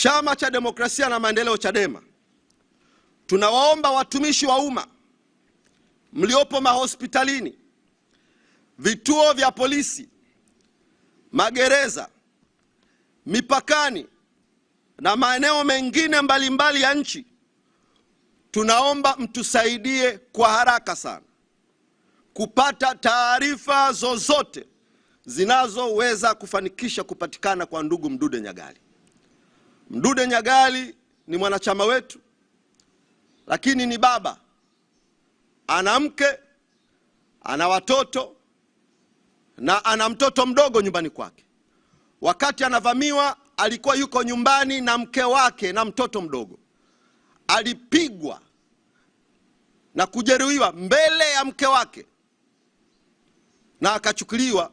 Chama cha Demokrasia na Maendeleo, CHADEMA, tunawaomba watumishi wa umma mliopo mahospitalini, vituo vya polisi, magereza, mipakani na maeneo mengine mbalimbali ya nchi, tunaomba mtusaidie kwa haraka sana kupata taarifa zozote zinazoweza kufanikisha kupatikana kwa ndugu Mdude Nyagali. Mdude Nyagali ni mwanachama wetu, lakini ni baba, ana mke, ana watoto na ana mtoto mdogo nyumbani kwake. Wakati anavamiwa alikuwa yuko nyumbani na mke wake na mtoto mdogo. Alipigwa na kujeruhiwa mbele ya mke wake na akachukuliwa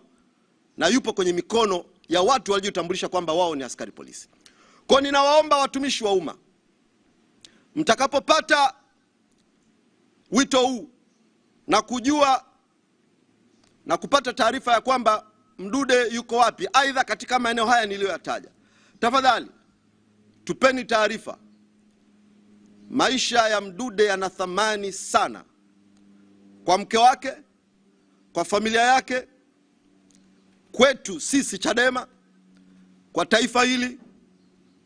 na yupo kwenye mikono ya watu waliojitambulisha kwamba wao ni askari polisi. Kwa ninawaomba watumishi wa umma, mtakapopata wito huu na kujua na kupata taarifa ya kwamba Mdude yuko wapi, aidha katika maeneo haya niliyoyataja, tafadhali tupeni taarifa. Maisha ya Mdude yana thamani sana kwa mke wake, kwa familia yake, kwetu sisi Chadema, kwa taifa hili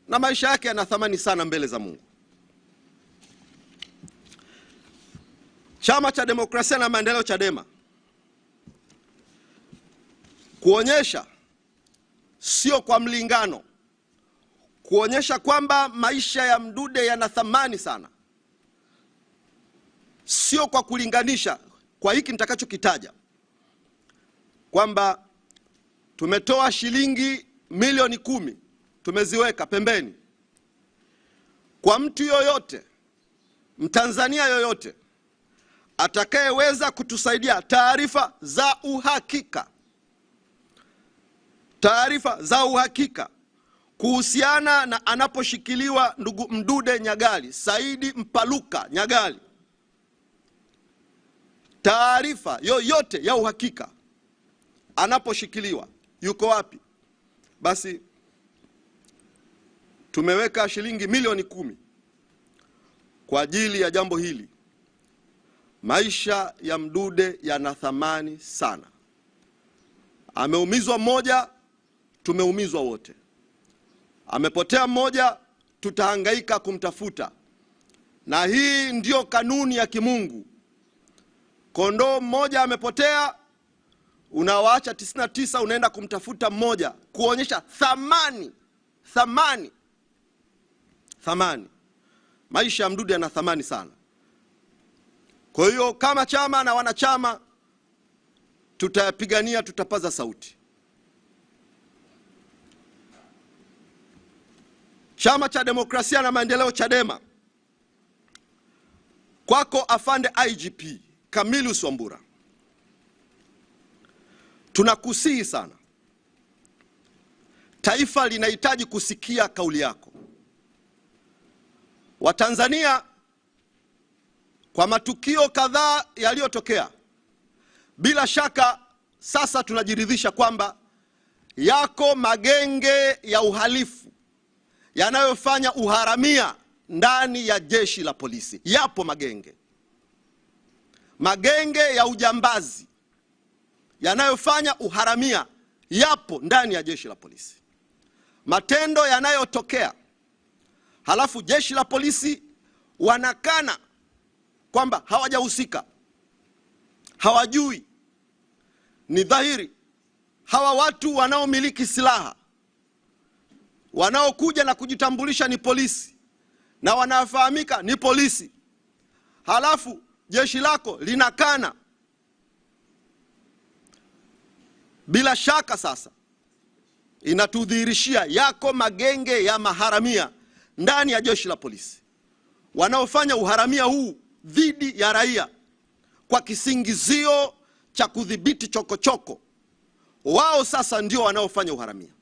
na maisha yake yana thamani sana mbele za Mungu. Chama cha Demokrasia na Maendeleo, Chadema, kuonyesha sio kwa mlingano, kuonyesha kwamba maisha ya Mdude yana thamani sana, sio kwa kulinganisha, kwa hiki nitakachokitaja kwamba tumetoa shilingi milioni kumi tumeziweka pembeni kwa mtu yoyote, mtanzania yoyote atakayeweza kutusaidia taarifa za uhakika, taarifa za uhakika kuhusiana na anaposhikiliwa ndugu Mdude Nyagali, Saidi Mpaluka Nyagali, taarifa yoyote ya uhakika anaposhikiliwa, yuko wapi, basi tumeweka shilingi milioni kumi kwa ajili ya jambo hili. Maisha ya Mdude yana thamani sana. Ameumizwa mmoja, tumeumizwa wote. Amepotea mmoja, tutahangaika kumtafuta, na hii ndiyo kanuni ya kimungu. Kondoo mmoja amepotea, unawaacha 99 unaenda kumtafuta mmoja, kuonyesha thamani thamani thamani. Maisha ya Mdude yana thamani sana. Kwa hiyo kama chama na wanachama tutayapigania, tutapaza sauti. Chama cha Demokrasia na Maendeleo, Chadema, kwako afande IGP Camillus Wambura, tunakusihi sana, taifa linahitaji kusikia kauli yako. Watanzania kwa matukio kadhaa yaliyotokea, bila shaka sasa tunajiridhisha kwamba yako magenge ya uhalifu yanayofanya uharamia ndani ya jeshi la polisi. Yapo magenge magenge ya ujambazi yanayofanya uharamia, yapo ndani ya jeshi la polisi. Matendo yanayotokea halafu jeshi la polisi wanakana kwamba hawajahusika, hawajui. Ni dhahiri hawa watu wanaomiliki silaha wanaokuja na kujitambulisha ni polisi na wanafahamika ni polisi, halafu jeshi lako linakana. Bila shaka sasa inatudhihirishia yako magenge ya maharamia ndani ya jeshi la polisi wanaofanya uharamia huu dhidi ya raia kwa kisingizio cha kudhibiti chokochoko, wao sasa ndio wanaofanya uharamia.